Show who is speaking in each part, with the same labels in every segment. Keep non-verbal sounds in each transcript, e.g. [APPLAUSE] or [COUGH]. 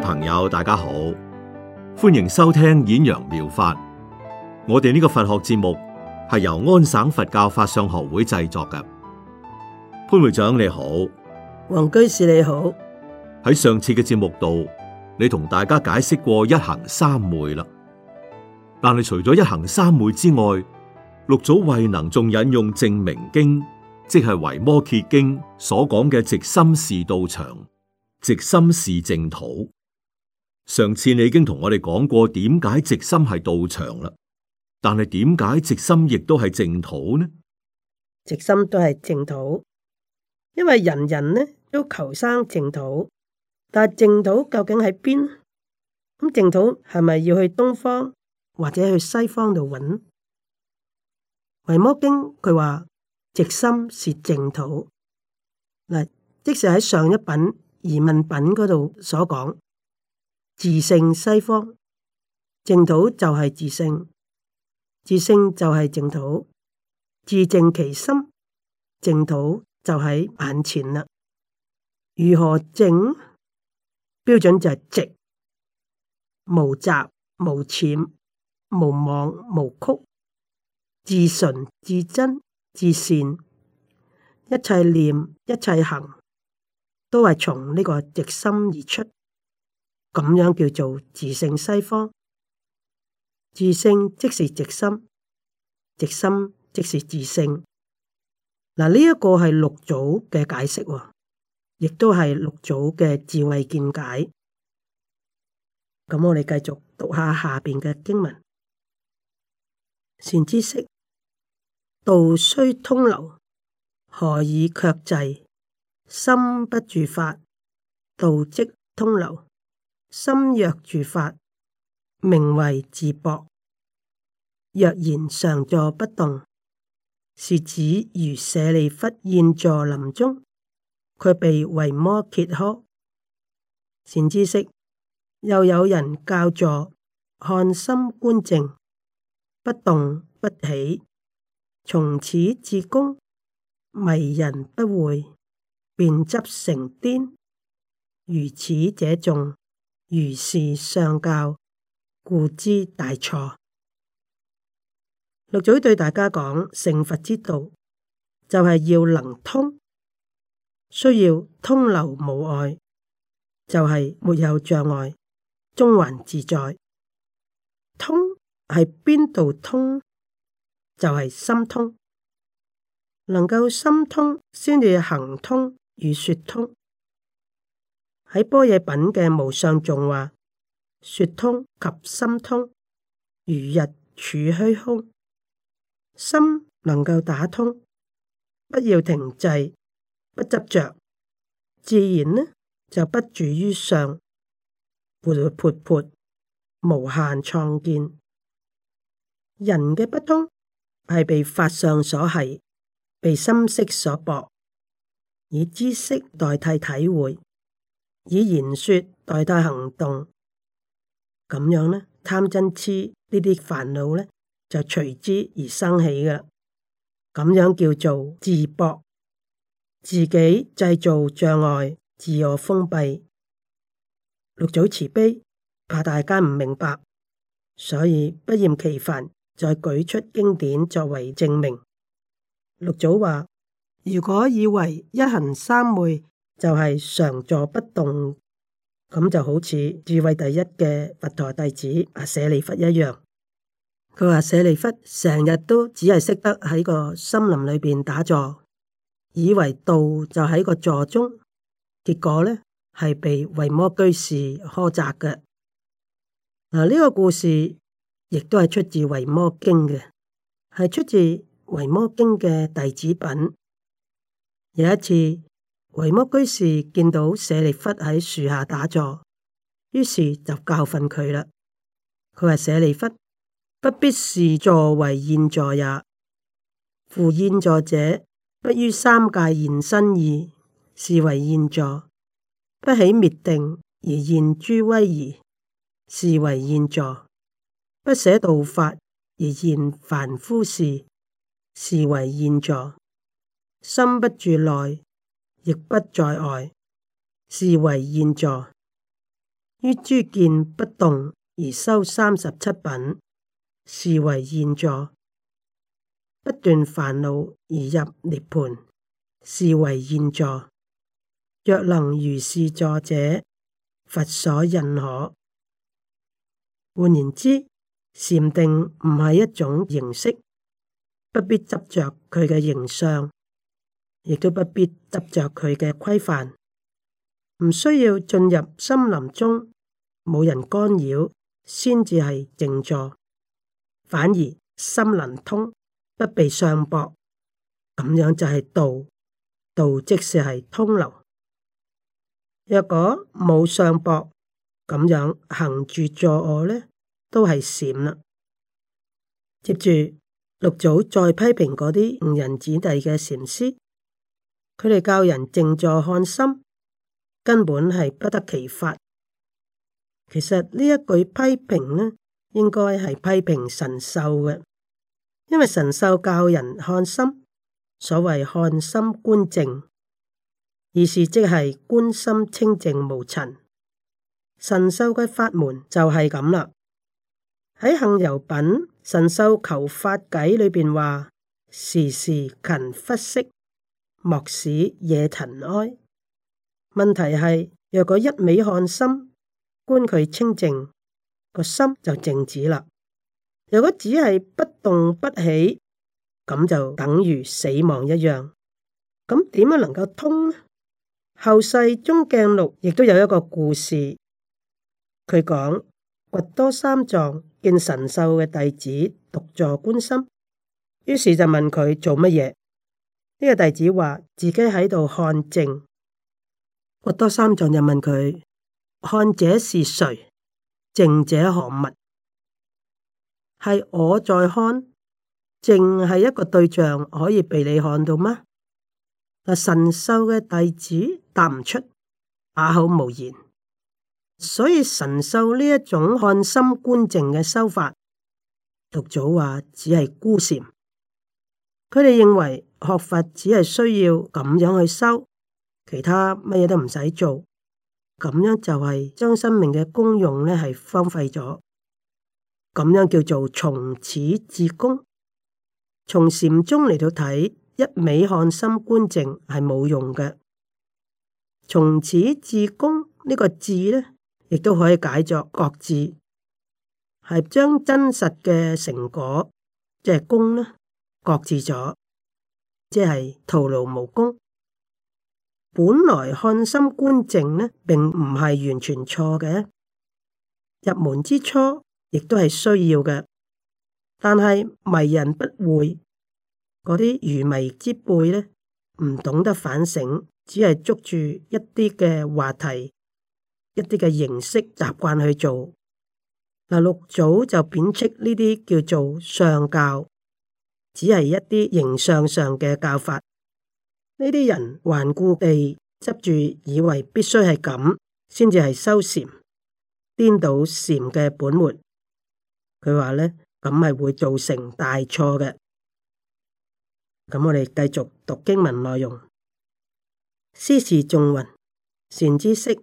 Speaker 1: 朋友，大家好，歡迎收聽演揚妙、妙法。我哋呢個佛學節目係由安省佛教法相學會製作嘅。潘會長你好，
Speaker 2: 黃居士你好。
Speaker 1: 喺上次嘅節目度，你同大家解釋過一行三昧啦。但係除咗一行三昧之外，六祖慧能仲引用《淨名經》，即係《維摩詰經》所講嘅直心是道場，直心是淨土。上次你已經同我哋講過點解直心係道場啦，但係點解直心亦都係淨土呢？
Speaker 2: 直心都係淨土，因為人人呢都求生淨土，但係淨土究竟喺邊？咁淨土係咪要去東方或者去西方度揾？維摩經，佢話直心是淨土，嗱，即使喺上一品疑問品嗰度所講。自性西方淨土就係自性，自性就係淨土，自淨其心，淨土就喺眼前啦。如何淨？標準就係直，無雜無淺無妄無曲，自純自真自善，一切念一切行都係從呢個直心而出。咁樣叫做自性西方，自性即是直心，直心即是自性。嗱，呢一個係六祖嘅解釋，亦都係六祖嘅智慧見解。咁我哋繼續讀下下邊嘅經文：善知識，道須通流，何以卻滯？心不住法，道即通流。心若住法，名為自薄；若然常坐不動，是指如舍利弗現座林中，佢被維摩揭呵。善知識，又有人教坐看心觀靜，不動不起，從此至功，迷人不會，便執成癲。如此者眾。如是上教，故知大錯。六祖對大家講，成佛之道，就係、是、要能通，需要通流無礙，就係、是、沒有障礙，中環自在。通係邊度通？就係、是、心通，能夠心通，先至行通與說通。喺般若品嘅無上眾話，説通及心通，如日處虛空。心能夠打通，不要停滯，不執着，自然呢就不住於相，活活潑潑，無限創建。人嘅不通係被法相所繫，被心識所博，以知識代替體會。以言說代替行動，咁樣呢？貪嗔痴呢啲煩惱呢，就隨之而生起噶啦。咁樣叫做自縛，自己製造障礙，自我封閉。六祖慈悲，怕大家唔明白，所以不厭其煩再舉出經典作為證明。六祖話：如果以為一行三昧。就係常坐不動，咁就好似智慧第一嘅佛陀弟子阿舍利弗一樣。佢話舍利弗成日都只係識得喺個森林裏邊打坐，以為道就喺個座中，結果呢係被維摩居士苛責嘅。嗱、這、呢個故事亦都係出自維摩經嘅，係出自維摩經嘅弟子品。有一次，維摩居士見到舍利弗喺樹下打坐，於是就教訓佢啦。佢話：舍利弗， [NOISE] 不必視坐為現坐也。夫現坐者，不於三界現身意，是為現坐；不起滅定而現諸威儀，是為現坐；不捨道法而現凡夫事，是為現坐。心不住內。亦不在外，是為宴坐；於諸見不動而修三十七品，是為宴坐；不斷煩惱而入涅盤，是為宴坐。若能如是坐者，佛所認可。換言之，禪定唔係一種形式，不必執着佢嘅形象。亦都不必執着佢嘅規範，唔需要進入森林中冇人干擾先至係靜坐。反而心能通，不被上駁，咁樣就係道。道即是係通流。若果冇上駁，咁樣行住坐臥呢，都係禪啦。接住六祖再批評嗰啲誤人子弟嘅禪師。佢哋教人靜坐看心，根本係不得其法。其實呢一句批評咧，應該係批評神秀嘅，因為神秀教人看心，所謂看心觀靜，而是即係觀心清靜無塵。神秀嘅法門就係咁啦。喺《行由品》神秀求法偈裏邊話：時時勤拂拭。莫使惹塵埃。問題係，若果一味看心，觀佢清淨，個心就靜止啦。若果只係不動不起，咁就等於死亡一樣，咁點樣能夠通呢？後世宗鏡錄亦都有一個故事，佢講掘多三藏見神秀嘅弟子獨坐觀心，於是就問佢做乜嘢。呢個弟子話自己喺度看淨，覺多三藏就問佢：看者是誰？淨者何物？係我在看，淨係一個對象可以被你看到嗎？啊！神秀嘅弟子答唔出，啞口無言。所以神秀呢一種看心觀淨嘅修法，獨祖話只係孤禪，佢哋認為。學佛只係需要咁樣去修，其他乜嘢都唔使做。咁樣就係將生命嘅功用咧係荒廢咗。咁樣叫做從始至功。從禪宗嚟到睇，一味看心觀靜係冇用嘅。從始至功個呢個字咧，亦都可以解作國字，係將真實嘅成果即係、就是、功呢，國字咗。即係徒勞無功。本來看心觀淨呢，並唔係完全錯嘅。入門之初，亦都係需要嘅。但係迷人不會，嗰啲愚迷之輩呢，唔懂得反省，只係捉住一啲嘅話題、一啲嘅形式習慣去做。嗱，六祖就貶斥呢啲叫做上教。只係一啲形象上嘅教法，呢啲人頑固地執住，以為必須係咁先至係修禪，顛倒禪嘅本末。佢話咧，咁係會造成大錯嘅。咁我哋繼續讀經文內容，師示眾云，善知識，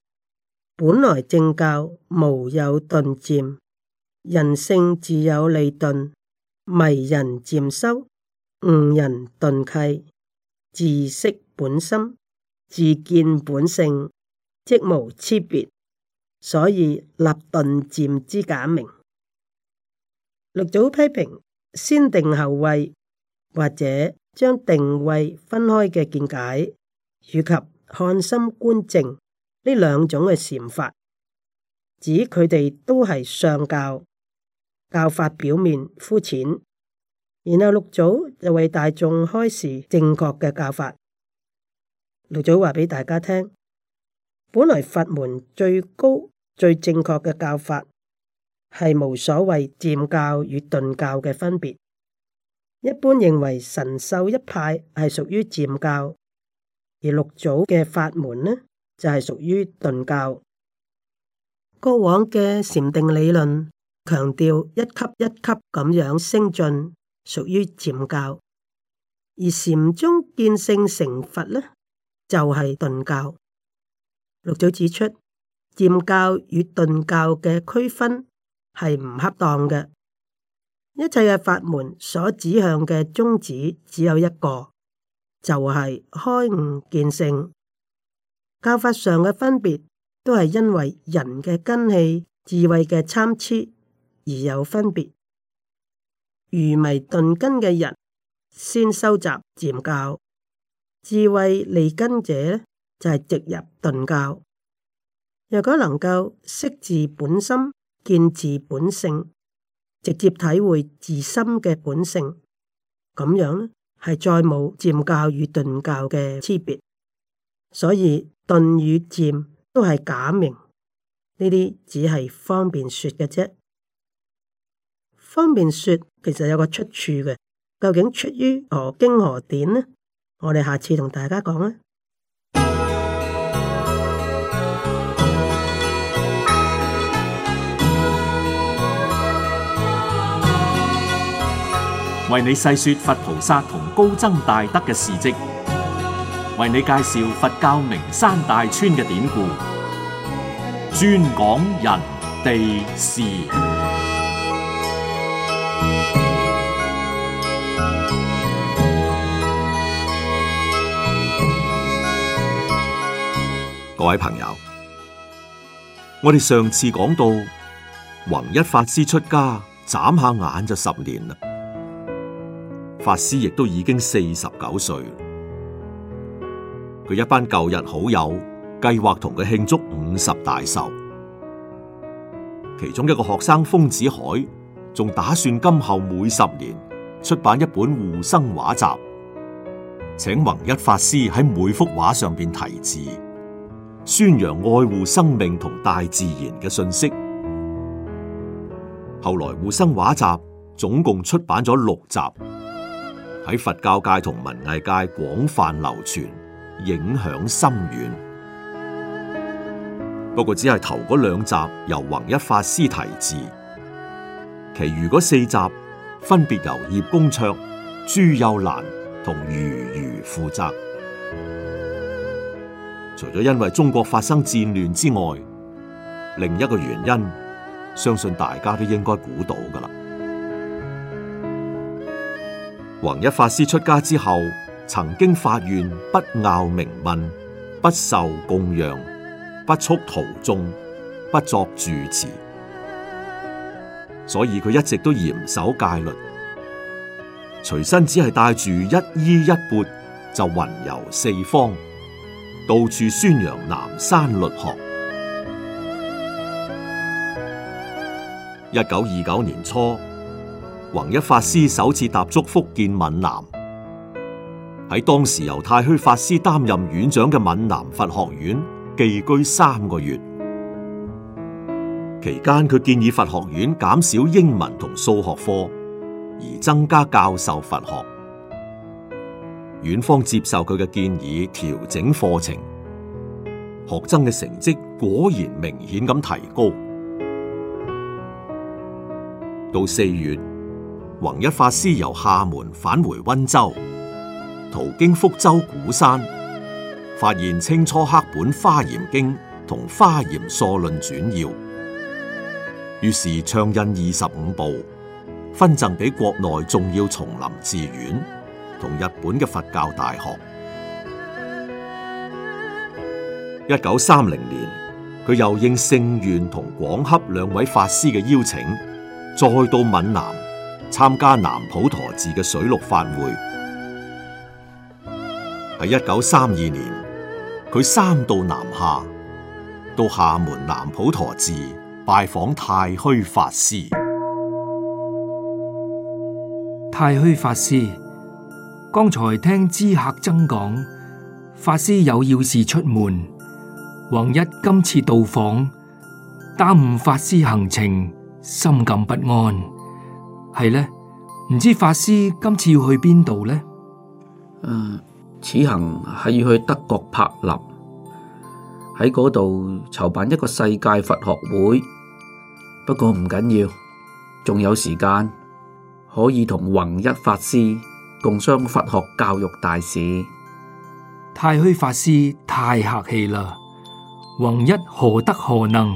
Speaker 2: 本來正教無有頓漸，人性自有利鈍。迷人漸修，悟人頓契，自識本心，自見本性，即無差別，所以立頓漸之假名。六祖批評先定後慧，或者將定慧分開嘅見解，以及看心觀淨呢兩種嘅禪法，指佢哋都係上教。教法表面膚淺，然後六祖就為大眾開示正確嘅教法。六祖話俾大家聽：，本來法門最高、最正確嘅教法係無所謂漸教與頓教嘅分別。一般認為神秀一派係屬於漸教，而六祖嘅法門呢就係屬於頓教。過往嘅禪定理論。強調一級一級咁樣升進，屬於漸教；而禪宗見性成佛呢，就係頓教。六祖指出，漸教與頓教嘅區分係唔恰當嘅。一切嘅法門所指向嘅宗旨只有一個，就係開悟見性。教法上嘅分別，都係因為人嘅根器、智慧嘅參差。而有分別，愚迷鈍根嘅人，先修習漸教；智慧利根者，就係直入頓教。若果能夠識自本心，見自本性，直接體會自心嘅本性，咁樣呢，係再冇漸教與頓教嘅差別。所以頓與漸都係假名，呢啲只係方便說嘅啫。方便說，其實有個出處嘅，究竟出於何經何典呢？我哋下次同大家講啦。
Speaker 1: 為你細說佛菩薩同高僧大德嘅事跡，為你介紹佛教名山大川嘅典故，專講人地事。各位朋友，我哋上次講到，弘一法師出家，眨下眼就十年啦。法師亦都已經四十九歲，佢一班舊日好友計劃同佢慶祝五十大壽，其中一個學生豐子愷仲打算今後每十年出版一本護生畫集，請弘一法師喺每幅畫上邊題字。宣揚愛護生命同大自然嘅信息。後來護生畫集總共出版咗六集，喺佛教界同文藝界廣泛流傳，影響深遠。不過只係頭嗰兩集由弘一法師題字，其餘嗰四集分別由葉恭綽、朱幼蘭同虞愚負責。除咗因為中國發生戰亂之外，另一個原因，相信大家都應該估到㗎喇。弘一法師出家之後，曾經發願不拗名聞、不受供養、不蓄徒眾、不作住持，所以佢一直都嚴守戒律，隨身只係帶住一衣一缽就雲遊四方。到處宣揚南山律學。一九二九年初，弘一法師首次踏足福建閩南，喺當時由太虛法師擔任院長嘅閩南佛學院寄居三個月。期間，佢建議佛學院減少英文同數學科，而增加教授佛學。院方接受佢嘅建議，調整課程，學生嘅成績果然明顯咁提高。到四月，弘一法師由廈門返回溫州，途經福州鼓山，發現清初刻本《華嚴經》同《華嚴疏論纂要》，於是倡印二十五部，分贈俾國內重要叢林寺院。同日本嘅佛教大學，一九三零年，佢又應聖願同廣洽兩位法師嘅邀請，再到閩南參加南普陀寺嘅水陸法會。喺一九三二年，佢三度南下，到廈門南普陀寺拜訪太虛法
Speaker 3: 師。太虛法師。剛才聽知客僧講，法師有要事出門，弘一今次到訪，耽誤法師行程，心感不安。係呢？唔知法師今次要去邊度呢？嗯、呃，此行
Speaker 4: 係要去德國柏林，喺嗰度籌辦一個世界佛學會。不過唔緊要，仲有時間可以同弘一法師。共商
Speaker 3: 佛學教育大事，太虛法師太客氣啦！弘一何德何能，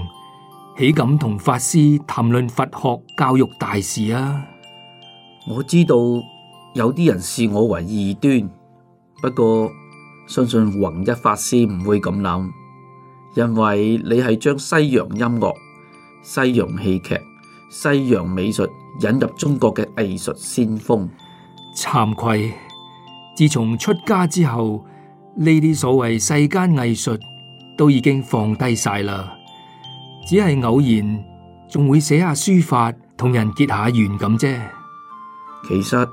Speaker 3: 豈敢同法師談論佛學教育大事啊？我知道有啲人視我
Speaker 4: 為異端，不過相信弘一法師唔會咁諗，因為你係將西洋音樂、西洋戲劇、
Speaker 3: 西洋美術引入中國嘅藝術先鋒。慚愧，自從出家之後，呢啲所謂世間藝術都已經放低晒啦，只係偶然仲會寫下書法，同人結下緣咁啫。其實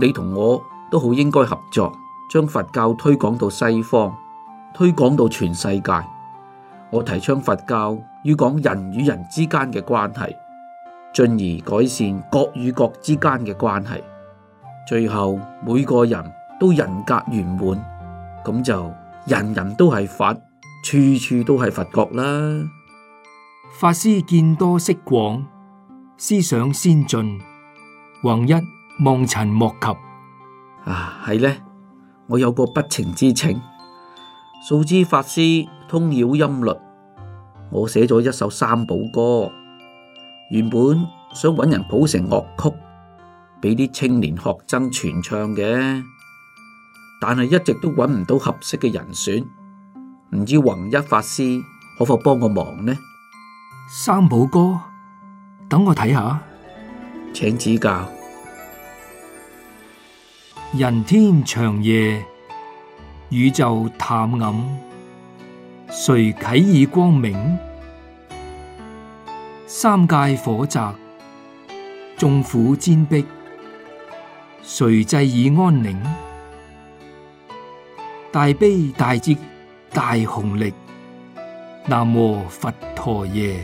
Speaker 3: 你同我
Speaker 4: 都好應該合作，將佛教推廣到西方，推廣到全世界。我提倡佛教要講人與人之間嘅關係，進而改善國與國之間嘅關係。最後每個人都人格圓滿，咁就人人都係佛，處
Speaker 3: 處都係佛國啦。法師見多識廣，思想先進，弘一望塵莫及
Speaker 4: 啊！係呢，我有個不情之請，素知法師通曉音律，我寫咗一首三寶歌，原本想搵人譜成樂曲。俾啲青年學僧傳唱嘅，但係一直都揾唔到合適嘅人選，唔知弘一法師可否幫個忙呢？三寶歌，等我
Speaker 3: 睇下，請指教。人天長夜，宇宙淡暗，誰啟以光明？三界火宅，眾苦煎迫。誰濟以安寧，大悲大智大雄力，南無佛陀耶。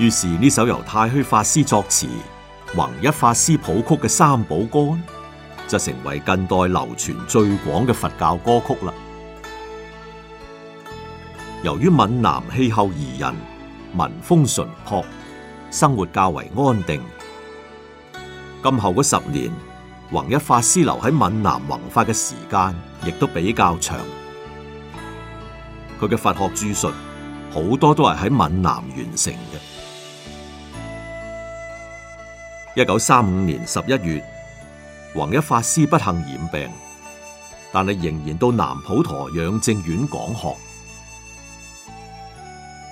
Speaker 1: 於是呢首由太虛法師作詞、弘一法師譜曲嘅《三寶歌》，就成為近代流傳最廣嘅佛教歌曲啦。由於閩南氣候宜人，民風淳樸，生活較為安定。今後嗰十年，弘一法師留喺閩南弘化嘅時間亦都比較長。佢嘅佛學著述，好多都係喺閩南完成嘅。一九三五年十一月，弘一法師不幸染病，但係仍然到南普陀養正院講學。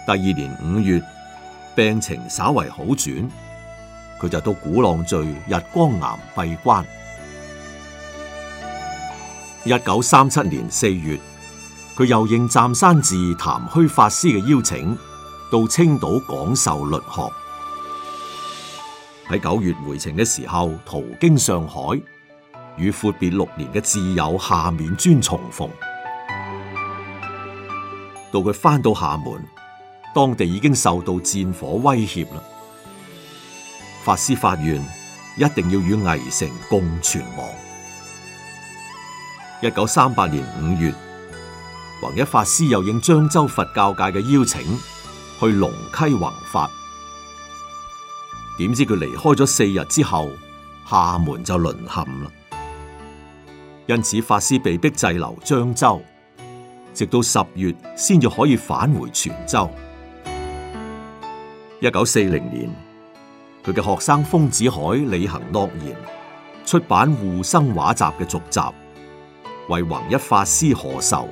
Speaker 1: 第二年五月，病情稍為好轉，佢就到鼓浪嶼日光岩閉關。一九三七年四月，佢又應湛山寺譚虛法師嘅邀請，到青島講授律學。喺九月回程嘅時候，途經上海，與闊別六年嘅摯友夏丏尊重逢。到佢返到廈門。當地已經受到戰火威脅啦！法師發願一定要與危城共存亡。一九三八年五月，弘一法師又應漳州佛教界嘅邀請去龍溪弘法。點知佢離開咗四日之後，廈門就淪陷啦。因此，法師被逼滯留漳州，直到十月先至可以返回泉州。一九四零年，佢嘅學生豐子愷履行諾言，出版《護生畫集》嘅續集，為弘一法師賀壽。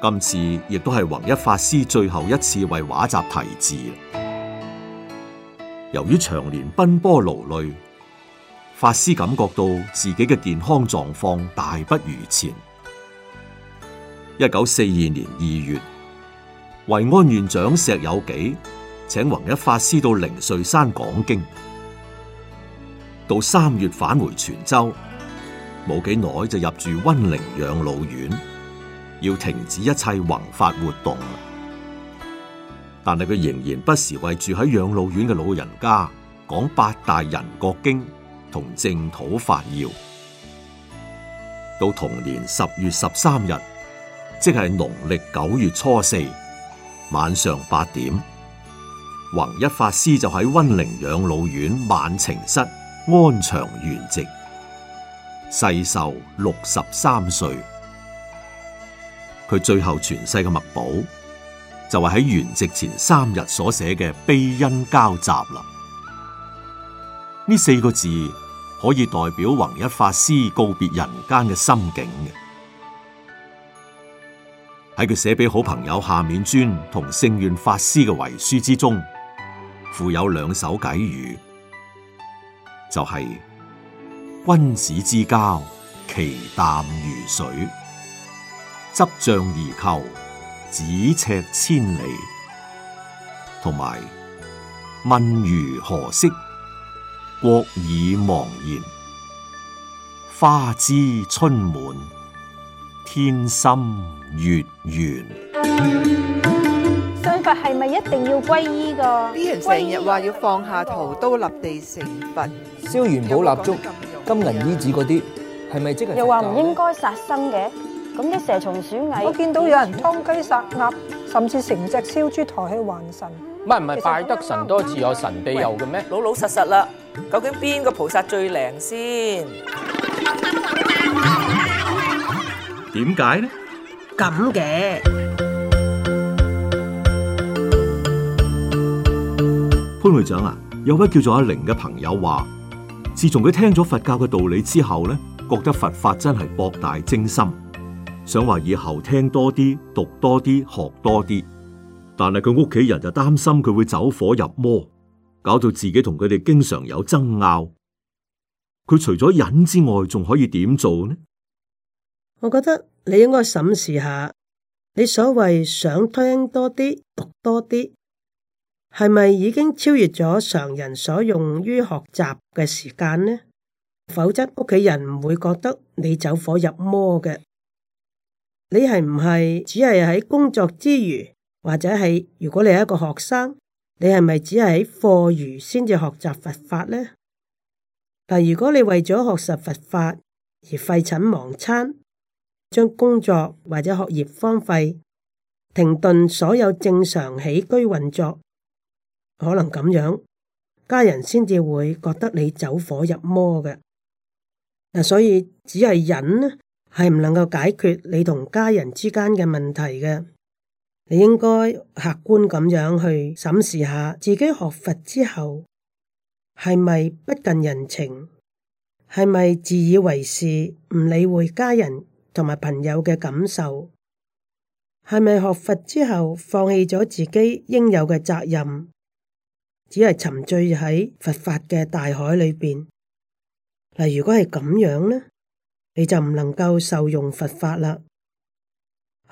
Speaker 1: 今次亦都係弘一法師最後一次為畫集題字。由於長年奔波勞累，法師感覺到自己嘅健康狀況大不如前。一九四二年二月。維安院長石有幾請弘一法師到靈瑞山講經，到三月返回泉州，冇幾耐就入住溫陵養老院，要停止一切宏法活動。但係佢仍然不時為住喺養老院嘅老人家講八大人國經同正土法要。到同年十月十三日，即係農曆九月初四。晚上八點，弘一法師就喺溫陵養老院晚晴室安詳圓寂，世壽六十三歲。佢最後傳世嘅墨寶就係喺圓寂前三日所寫嘅《悲欣交集》啦。呢四個字可以代表弘一法師告別人間嘅心境嘅。喺佢寫俾好朋友夏丏尊同聖願法師嘅遺書之中，附有兩首偈語，就係、是、君子之交，其淡如水；執杖而求，咫尺千里。同埋問如何色，國以忘言，花枝春滿，天心月圓，
Speaker 2: 信佛係
Speaker 3: 咪一定要皈依噶？成日話要放下屠刀立地成佛，燒元寶蠟燭、金銀衣紙嗰啲，係咪即係？又話唔
Speaker 2: 應該殺生嘅，咁啲蛇蟲鼠蟻，我見到有人劏雞殺鴨，甚至成隻燒豬抬
Speaker 3: 去還神。
Speaker 4: 唔係唔係，拜得神多自有神庇佑嘅咩？老老實實啦，究竟邊
Speaker 3: 個菩薩最靈先？
Speaker 1: 點解呢？
Speaker 2: 咁嘅，
Speaker 1: 潘會長啊，有位叫做阿玲嘅朋友話，自從佢聽咗佛教嘅道理之後呢，覺得佛法真係博大精深，想話以後聽多啲、讀多啲、學多啲。但係佢屋企人就擔心佢會走火入魔，搞到自己同佢哋經常有爭拗。佢除咗忍之外，仲可以點做呢？
Speaker 2: 我覺得你應該審視下，你所謂想聽多啲、讀多啲，係咪已經超越咗常人所用於學習嘅時間呢？否則屋企人唔會覺得你走火入魔嘅。你係唔係只係喺工作之餘，或者係如果你係一個學生，你係咪只係喺課餘先至學習佛法呢？但如果你為咗學習佛法而廢寢忘餐。將工作或者學業荒廢、停頓，所有正常起居運作，可能咁樣，家人先至會覺得你走火入魔嘅。所以只係忍呢，係唔能夠解決你同家人之間嘅問題嘅。你應該客觀咁樣去審視下自己學佛之後係咪不，不近人情，係咪自以為是，唔理會家人。同埋朋友嘅感受，係咪學佛之後放棄咗自己應有嘅責任，只係沉醉喺佛法嘅大海裏面？嗱，如果係咁樣呢，你就唔能夠受用佛法啦。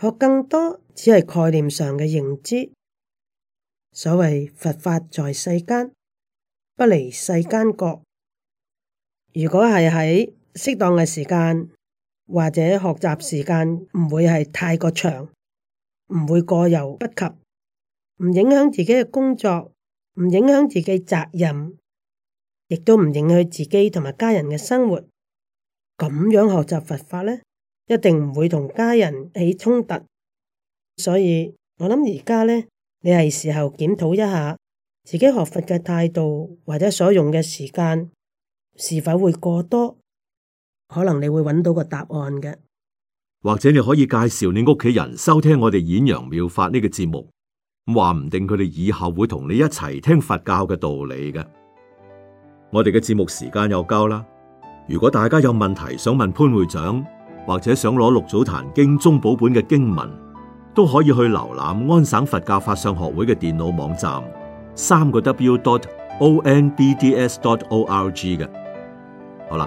Speaker 2: 學更多只係概念上嘅認知。所謂佛法在世間，不離世間覺。如果係喺適當嘅時間。或者學習時間唔會係太過長，唔會過猶不及，唔影響自己嘅工作，唔影響自己責任，亦都唔影響自己同埋家人嘅生活。咁樣學習佛法呢，一定唔會同家人起衝突。所以，我諗而家呢，你係時候檢討一下自己學佛嘅態度，或者所用嘅時間，是否會過多。可能你會揾到個答案嘅，
Speaker 1: 或者你可以介紹你屋企人收聽我哋演揚妙法呢個節目，咁話唔定佢哋以後會同你一齊聽佛教嘅道理嘅。我哋嘅節目時間又夠啦，如果大家有問題想問潘會長，或者想攞六祖壇經宗寶本嘅經文，都可以去瀏覽安省佛教法相學會嘅電腦網站，三個 w.dot.onbds.org 嘅。好啦。